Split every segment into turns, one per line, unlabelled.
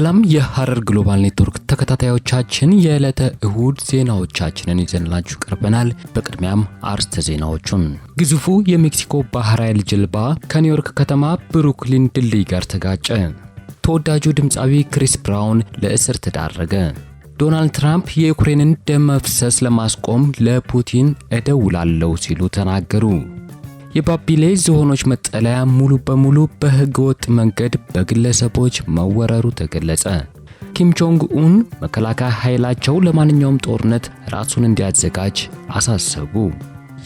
ሰላም የሐረር ግሎባል ኔትወርክ ተከታታዮቻችን የዕለተ እሁድ ዜናዎቻችንን ይዘንላችሁ ቀርበናል። በቅድሚያም አርስተ ዜናዎቹን ግዙፉ የሜክሲኮ ባህር ኃይል ጀልባ ከኒውዮርክ ከተማ ብሩክሊን ድልድይ ጋር ተጋጨ። ተወዳጁ ድምፃዊ ክሪስ ብራውን ለእስር ተዳረገ። ዶናልድ ትራምፕ የዩክሬንን ደም መፍሰስ ለማስቆም ለፑቲን እደውላለሁ ሲሉ ተናገሩ። የባቢሌ ዝሆኖች መጠለያ ሙሉ በሙሉ በህገ ወጥ መንገድ በግለሰቦች መወረሩ ተገለጸ። ኪም ጆንግ ኡን መከላከያ ኃይላቸው ለማንኛውም ጦርነት ራሱን እንዲያዘጋጅ አሳሰቡ።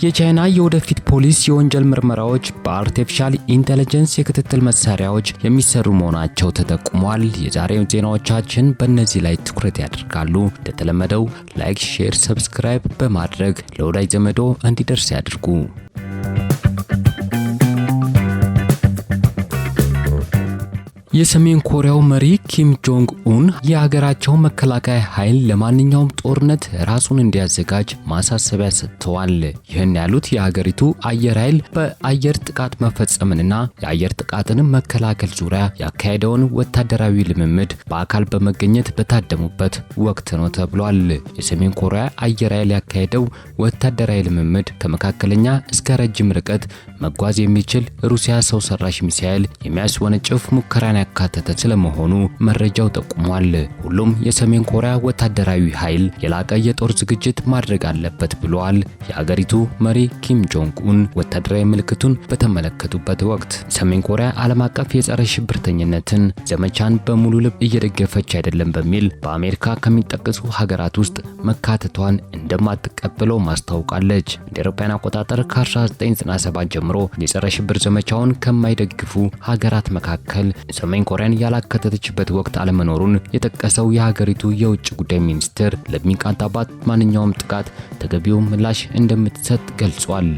የቻይና የወደፊት ፖሊስ የወንጀል ምርመራዎች በአርቲፊሻል ኢንተለጀንስ የክትትል መሳሪያዎች የሚሰሩ መሆናቸው ተጠቁሟል። የዛሬው ዜናዎቻችን በእነዚህ ላይ ትኩረት ያደርጋሉ። እንደተለመደው ላይክ፣ ሼር፣ ሰብስክራይብ በማድረግ ለወዳጅ ዘመዶ እንዲደርስ ያድርጉ። የሰሜን ኮሪያው መሪ ኪም ጆንግ ኡን የሀገራቸው መከላከያ ኃይል ለማንኛውም ጦርነት ራሱን እንዲያዘጋጅ ማሳሰቢያ ሰጥተዋል። ይህን ያሉት የሀገሪቱ አየር ኃይል በአየር ጥቃት መፈጸምንና የአየር ጥቃትንም መከላከል ዙሪያ ያካሄደውን ወታደራዊ ልምምድ በአካል በመገኘት በታደሙበት ወቅት ነው ተብሏል። የሰሜን ኮሪያ አየር ኃይል ያካሄደው ወታደራዊ ልምምድ ከመካከለኛ እስከ ረጅም ርቀት መጓዝ የሚችል ሩሲያ ሰው ሰራሽ ሚሳኤል የሚያስወነጭፍ ሙከራን ያካተተ ስለመሆኑ መረጃው ጠቁሟል። ሁሉም የሰሜን ኮሪያ ወታደራዊ ኃይል የላቀ የጦር ዝግጅት ማድረግ አለበት ብለዋል። የአገሪቱ መሪ ኪም ጆንግ ኡን ወታደራዊ ምልክቱን በተመለከቱበት ወቅት ሰሜን ኮሪያ ዓለም አቀፍ የጸረ ሽብርተኝነትን ዘመቻን በሙሉ ልብ እየደገፈች አይደለም በሚል በአሜሪካ ከሚጠቀሱ ሀገራት ውስጥ መካተቷን እንደማትቀበለው ማስታውቃለች። እንደ አውሮፓውያን አቆጣጠር ከ1997 ጀምሮ የጸረ ሽብር ዘመቻውን ከማይደግፉ ሀገራት መካከል ሰሜን ኮሪያን ያላካተተችበት ወቅት አለመኖሩን የጠቀሰው የሀገሪቱ የውጭ ጉዳይ ሚኒስትር ለሚቃጣባት ማንኛውም ጥቃት ተገቢው ምላሽ እንደምትሰጥ ገልጿል።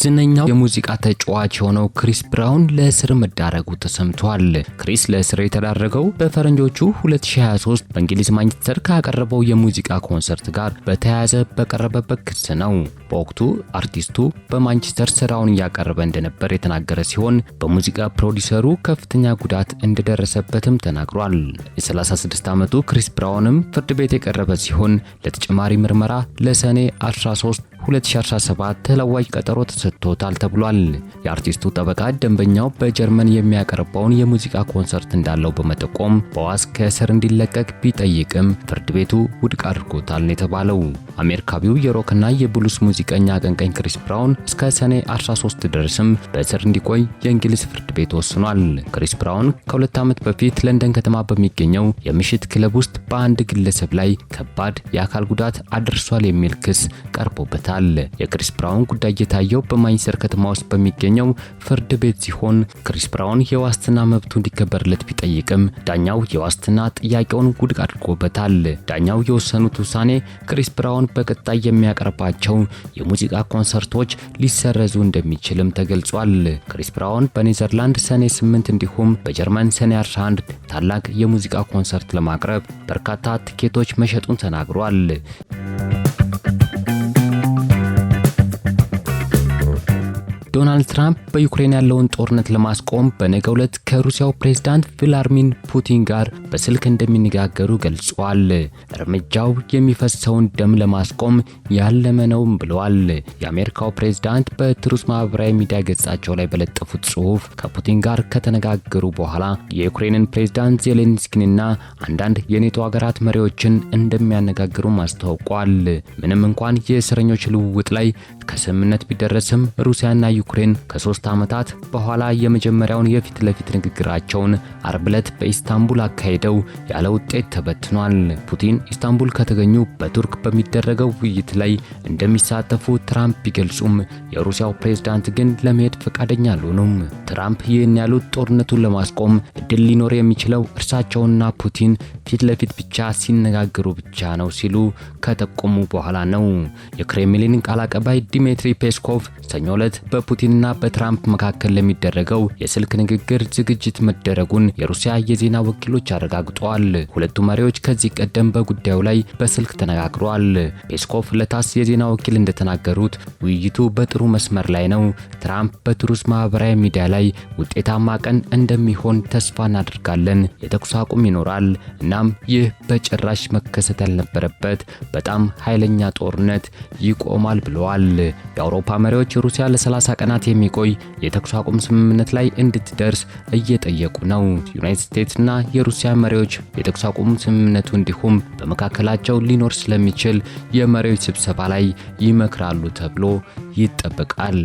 ዝነኛው የሙዚቃ ተጫዋች የሆነው ክሪስ ብራውን ለእስር መዳረጉ ተሰምቷል። ክሪስ ለእስር የተዳረገው በፈረንጆቹ 2023 በእንግሊዝ ማንቸስተር ካቀረበው የሙዚቃ ኮንሰርት ጋር በተያያዘ በቀረበበት ክስ ነው። በወቅቱ አርቲስቱ በማንቸስተር ስራውን እያቀረበ እንደነበር የተናገረ ሲሆን በሙዚቃ ፕሮዲሰሩ ከፍተኛ ጉዳት እንደደረሰበትም ተናግሯል። የ36 ዓመቱ ክሪስ ብራውንም ፍርድ ቤት የቀረበ ሲሆን ለተጨማሪ ምርመራ ለሰኔ 13 2017 ተለዋጭ ቀጠሮ ተሰጥቶታል ተብሏል። የአርቲስቱ ጠበቃ ደንበኛው በጀርመን የሚያቀርበውን የሙዚቃ ኮንሰርት እንዳለው በመጠቆም በዋስ ከእስር እንዲለቀቅ ቢጠይቅም ፍርድ ቤቱ ውድቅ አድርጎታል ነው የተባለው። አሜሪካዊው የሮክና የብሉስ ሙዚቀኛ አቀንቃኝ ክሪስ ብራውን እስከ ሰኔ 13 ድረስም በእስር እንዲቆይ የእንግሊዝ ፍርድ ቤት ወስኗል። ክሪስ ብራውን ከሁለት ዓመት በፊት ለንደን ከተማ በሚገኘው የምሽት ክለብ ውስጥ በአንድ ግለሰብ ላይ ከባድ የአካል ጉዳት አድርሷል የሚል ክስ ቀርቦበታል። አለ። የክሪስ ብራውን ጉዳይ የታየው በማንችስተር ከተማ ውስጥ በሚገኘው ፍርድ ቤት ሲሆን ክሪስ ብራውን የዋስትና መብቱ እንዲከበርለት ቢጠይቅም ዳኛው የዋስትና ጥያቄውን ውድቅ አድርጎበታል። ዳኛው የወሰኑት ውሳኔ ክሪስ ብራውን በቀጣይ የሚያቀርባቸው የሙዚቃ ኮንሰርቶች ሊሰረዙ እንደሚችልም ተገልጿል። ክሪስ ብራውን በኔዘርላንድ ሰኔ 8 እንዲሁም በጀርመን ሰኔ 11 ታላቅ የሙዚቃ ኮንሰርት ለማቅረብ በርካታ ትኬቶች መሸጡን ተናግሯል። ዶናልድ ትራምፕ በዩክሬን ያለውን ጦርነት ለማስቆም በነገው ዕለት ከሩሲያው ፕሬዝዳንት ቭላድሚር ፑቲን ጋር በስልክ እንደሚነጋገሩ ገልጿል። እርምጃው የሚፈሰውን ደም ለማስቆም ያለመ ነውም ብለዋል። የአሜሪካው ፕሬዝዳንት በትሩስ ማህበራዊ ሚዲያ ገጻቸው ላይ በለጠፉት ጽሑፍ ከፑቲን ጋር ከተነጋገሩ በኋላ የዩክሬንን ፕሬዝዳንት ዜሌንስኪንና አንዳንድ የኔቶ ሀገራት መሪዎችን እንደሚያነጋግሩም አስታውቋል። ምንም እንኳን የእስረኞች ልውውጥ ላይ ከስምምነት ቢደረስም ሩሲያና ዩክሬን ባይደን ከሶስት ዓመታት በኋላ የመጀመሪያውን የፊት ለፊት ንግግራቸውን አርብ ዕለት በኢስታንቡል አካሄደው ያለ ውጤት ተበትኗል። ፑቲን ኢስታንቡል ከተገኙ በቱርክ በሚደረገው ውይይት ላይ እንደሚሳተፉ ትራምፕ ቢገልጹም የሩሲያው ፕሬዝዳንት ግን ለመሄድ ፈቃደኛ አልሆኑም። ትራምፕ ይህን ያሉት ጦርነቱን ለማስቆም እድል ሊኖር የሚችለው እርሳቸውና ፑቲን ፊት ለፊት ብቻ ሲነጋገሩ ብቻ ነው ሲሉ ከጠቆሙ በኋላ ነው። የክሬምሊን ቃል አቀባይ ዲሜትሪ ፔስኮቭ ሰኞ ዕለት በፑቲን በፑቲንና በትራምፕ መካከል ለሚደረገው የስልክ ንግግር ዝግጅት መደረጉን የሩሲያ የዜና ወኪሎች አረጋግጠዋል። ሁለቱ መሪዎች ከዚህ ቀደም በጉዳዩ ላይ በስልክ ተነጋግረዋል። ፔስኮቭ ለታስ የዜና ወኪል እንደተናገሩት ውይይቱ በጥሩ መስመር ላይ ነው። ትራምፕ በትሩዝ ማህበራዊ ሚዲያ ላይ ውጤታማ ቀን እንደሚሆን ተስፋ እናደርጋለን። የተኩስ አቁም ይኖራል። እናም ይህ በጭራሽ መከሰት ያልነበረበት በጣም ኃይለኛ ጦርነት ይቆማል ብለዋል። የአውሮፓ መሪዎች ሩሲያ ለ30 ቀናት ቀናት የሚቆይ የተኩስ አቁም ስምምነት ላይ እንድትደርስ እየጠየቁ ነው። ዩናይትድ ስቴትስና የሩሲያ መሪዎች የተኩስ አቁም ስምምነቱ እንዲሁም በመካከላቸው ሊኖር ስለሚችል የመሪዎች ስብሰባ ላይ ይመክራሉ ተብሎ ይጠበቃል።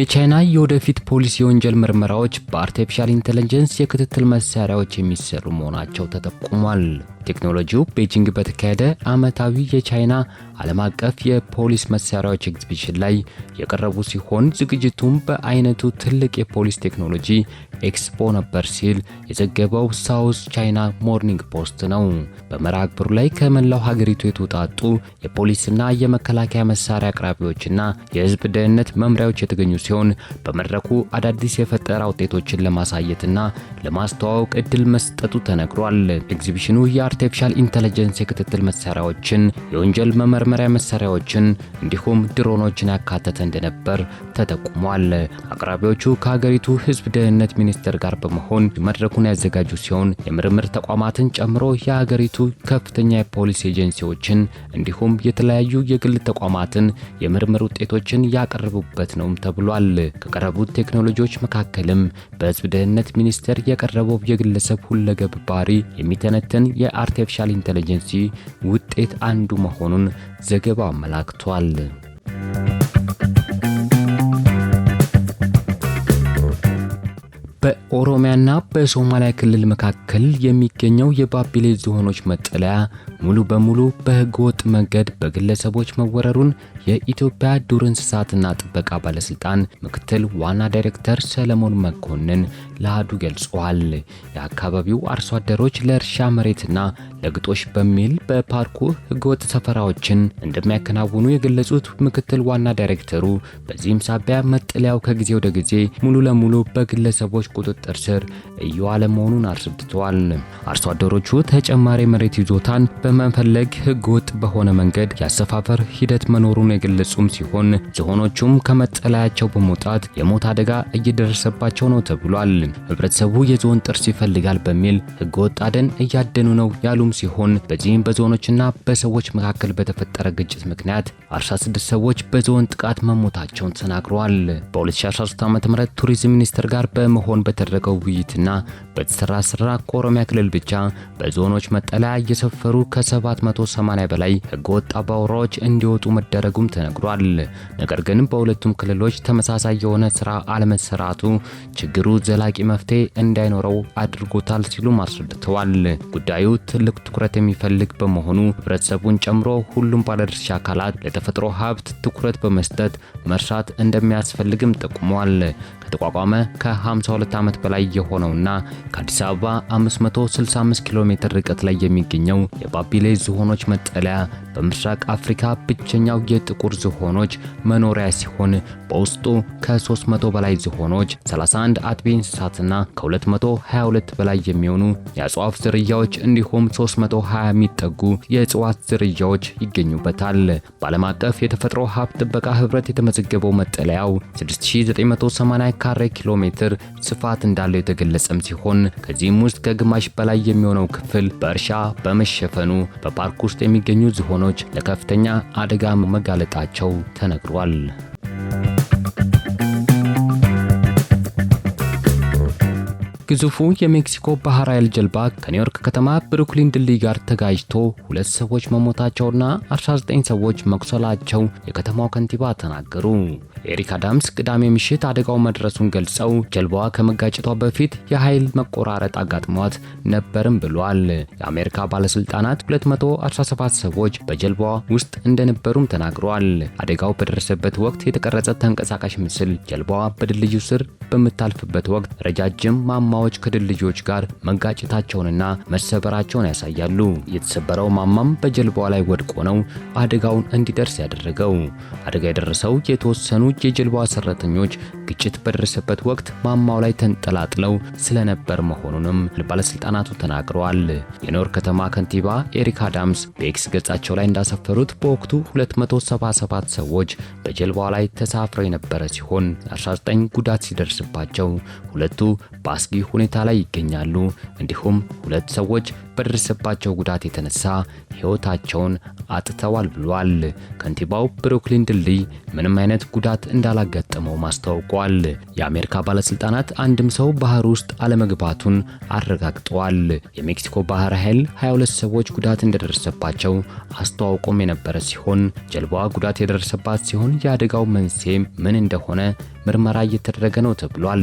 የቻይና የወደፊት ፖሊሲ የወንጀል ምርመራዎች በአርቲፊሻል ኢንተለጀንስ የክትትል መሳሪያዎች የሚሰሩ መሆናቸው ተጠቁሟል። ቴክኖሎጂው ቤጂንግ በተካሄደ ዓመታዊ የቻይና ዓለም አቀፍ የፖሊስ መሳሪያዎች ኤግዚቢሽን ላይ የቀረቡ ሲሆን ዝግጅቱም በአይነቱ ትልቅ የፖሊስ ቴክኖሎጂ ኤክስፖ ነበር ሲል የዘገበው ሳውስ ቻይና ሞርኒንግ ፖስት ነው። በመርሃ ግብሩ ላይ ከመላው ሀገሪቱ የተውጣጡ የፖሊስና የመከላከያ መሳሪያ አቅራቢዎችና የህዝብ ደህንነት መምሪያዎች የተገኙ ሲሆን በመድረኩ አዳዲስ የፈጠራ ውጤቶችን ለማሳየትና ለማስተዋወቅ እድል መስጠቱ ተነግሯል። ኤግዚቢሽኑ ያ አርቲፊሻል ኢንተለጀንስ የክትትል መሳሪያዎችን፣ የወንጀል መመርመሪያ መሳሪያዎችን እንዲሁም ድሮኖችን ያካተተ እንደነበር ተጠቁሟል። አቅራቢዎቹ ከሀገሪቱ ህዝብ ደህንነት ሚኒስቴር ጋር በመሆን መድረኩን ያዘጋጁ ሲሆን የምርምር ተቋማትን ጨምሮ የሀገሪቱ ከፍተኛ የፖሊስ ኤጀንሲዎችን እንዲሁም የተለያዩ የግል ተቋማትን የምርምር ውጤቶችን ያቀረቡበት ነው ተብሏል። ከቀረቡት ቴክኖሎጂዎች መካከልም በህዝብ ደህንነት ሚኒስቴር የቀረበው የግለሰብ ሁለገብ ባህሪ የሚተነትን የአርቲፊሻል ኢንቴሊጀንሲ ውጤት አንዱ መሆኑን ዘገባው አመላክቷል። በኦሮሚያና በሶማሊያ ክልል መካከል የሚገኘው የባቢሌ ዝሆኖች መጠለያ ሙሉ በሙሉ በህገወጥ መንገድ በግለሰቦች መወረሩን የኢትዮጵያ ዱር እንስሳትና ጥበቃ ባለስልጣን ምክትል ዋና ዳይሬክተር ሰለሞን መኮንን ለአዱ ገልጿል። የአካባቢው አርሶ አደሮች ለእርሻ መሬትና ለግጦሽ በሚል በፓርኩ ህገወጥ ሰፈራዎችን እንደሚያከናውኑ የገለጹት ምክትል ዋና ዳይሬክተሩ በዚህም ሳቢያ መጠለያው ከጊዜ ወደ ጊዜ ሙሉ ለሙሉ በግለሰቦች ቁጥጥር ስር እየዋለ መሆኑን አስረድተዋል። አርሶ አደሮቹ ተጨማሪ መሬት ይዞታን በመፈለግ ህገወጥ በሆነ መንገድ ያሰፋፈር ሂደት መኖሩን የገለጹም ሲሆን ዝሆኖቹም ከመጠለያቸው በመውጣት የሞት አደጋ እየደረሰባቸው ነው ተብሏል። ህብረተሰቡ የዞን ጥርስ ይፈልጋል በሚል ህገወጥ አደን እያደኑ ነው ያሉም ሲሆን በዚህም በዞኖችና በሰዎች መካከል በተፈጠረ ግጭት ምክንያት 16 ሰዎች በዞን ጥቃት መሞታቸውን ተናግረዋል። በ2013 ም ቱሪዝም ሚኒስቴር ጋር በመሆን በተደረገው ውይይትና በተሰራ ስራ ከኦሮሚያ ክልል ብቻ በዞኖች መጠለያ እየሰፈሩ ከ780 በላይ ህገወጥ አባወራዎች እንዲወጡ መደረጉም ተነግሯል። ነገር ግን በሁለቱም ክልሎች ተመሳሳይ የሆነ ስራ አለመሰራቱ ችግሩ ዘላቂ መፍትሄ እንዳይኖረው አድርጎታል ሲሉም አስረድተዋል። ጉዳዩ ትልቅ ትኩረት የሚፈልግ በመሆኑ ህብረተሰቡን ጨምሮ ሁሉም ባለድርሻ አካላት ለተፈጥሮ ሀብት ትኩረት በመስጠት መርሳት እንደሚያስፈልግም ጠቁመዋል። ከተቋቋመ ከ52 ዓመት በላይ የሆነውና ከአዲስ አበባ 565 ኪሎ ሜትር ርቀት ላይ የሚገኘው የባቢሌ ዝሆኖች መጠለያ በምስራቅ አፍሪካ ብቸኛው የጥቁር ዝሆኖች መኖሪያ ሲሆን በውስጡ ከ300 በላይ ዝሆኖች፣ 31 አጥቢ እንስሳትና ከ222 በላይ የሚሆኑ የአጽዋፍ ዝርያዎች እንዲሁም 320 የሚጠጉ የእጽዋት ዝርያዎች ይገኙበታል። በዓለም አቀፍ የተፈጥሮ ሀብት ጥበቃ ህብረት የተመዘገበው መጠለያው 6980 ካሬ ኪሎ ሜትር ስፋት እንዳለው የተገለጸም ሲሆን ከዚህም ውስጥ ከግማሽ በላይ የሚሆነው ክፍል በእርሻ በመሸፈኑ በፓርክ ውስጥ የሚገኙ ዝሆኖች ለከፍተኛ አደጋ መጋለጣቸው ተነግሯል። ግዙፉ የሜክሲኮ ባህር ኃይል ጀልባ ከኒውዮርክ ከተማ ብሩክሊን ድልድይ ጋር ተጋጅቶ ሁለት ሰዎች መሞታቸውና 19 ሰዎች መቁሰላቸው የከተማው ከንቲባ ተናገሩ። ኤሪክ አዳምስ ቅዳሜ ምሽት አደጋው መድረሱን ገልጸው ጀልባዋ ከመጋጨቷ በፊት የኃይል መቆራረጥ አጋጥሟት ነበርም ብሏል። የአሜሪካ ባለስልጣናት 217 ሰዎች በጀልባዋ ውስጥ እንደነበሩም ተናግረዋል። አደጋው በደረሰበት ወቅት የተቀረጸ ተንቀሳቃሽ ምስል ጀልባዋ በድልድዩ ስር በምታልፍበት ወቅት ረጃጅም ማማ ማማዎች ከድልድዮች ልጆች ጋር መጋጨታቸውንና መሰበራቸውን ያሳያሉ። የተሰበረው ማማም በጀልባዋ ላይ ወድቆ ነው አደጋውን እንዲደርስ ያደረገው። አደጋ የደረሰው የተወሰኑ የጀልባዋ ሰራተኞች ግጭት በደረሰበት ወቅት ማማው ላይ ተንጠላጥለው ስለነበር መሆኑንም ባለስልጣናቱ ተናግረዋል። የኖር ከተማ ከንቲባ ኤሪክ አዳምስ በኤክስ ገጻቸው ላይ እንዳሰፈሩት በወቅቱ 277 ሰዎች በጀልባዋ ላይ ተሳፍረው የነበረ ሲሆን 19 ጉዳት ሲደርስባቸው ሁለቱ በአስጊ ሁኔታ ላይ ይገኛሉ። እንዲሁም ሁለት ሰዎች በደረሰባቸው ጉዳት የተነሳ ሕይወታቸውን አጥተዋል ብሏል። ከንቲባው ብሩክሊን ድልድይ ምንም አይነት ጉዳት እንዳላጋጠመው ማስታውቋል። የአሜሪካ ባለስልጣናት አንድም ሰው ባህር ውስጥ አለመግባቱን አረጋግጠዋል። የሜክሲኮ ባህር ኃይል 22 ሰዎች ጉዳት እንደደረሰባቸው አስተዋውቆም የነበረ ሲሆን ጀልባዋ ጉዳት የደረሰባት ሲሆን የአደጋው መንስኤ ምን እንደሆነ ምርመራ እየተደረገ ነው ተብሏል።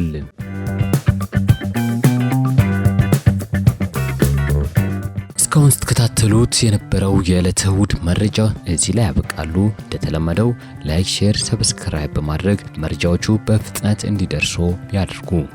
እስካሁን ስትከታተሉት የነበረው የዕለተ እሁድ መረጃ እዚህ ላይ ያበቃሉ። እንደተለመደው ላይክ፣ ሼር፣ ሰብስክራይብ በማድረግ መረጃዎቹ በፍጥነት እንዲደርሱ ያድርጉ።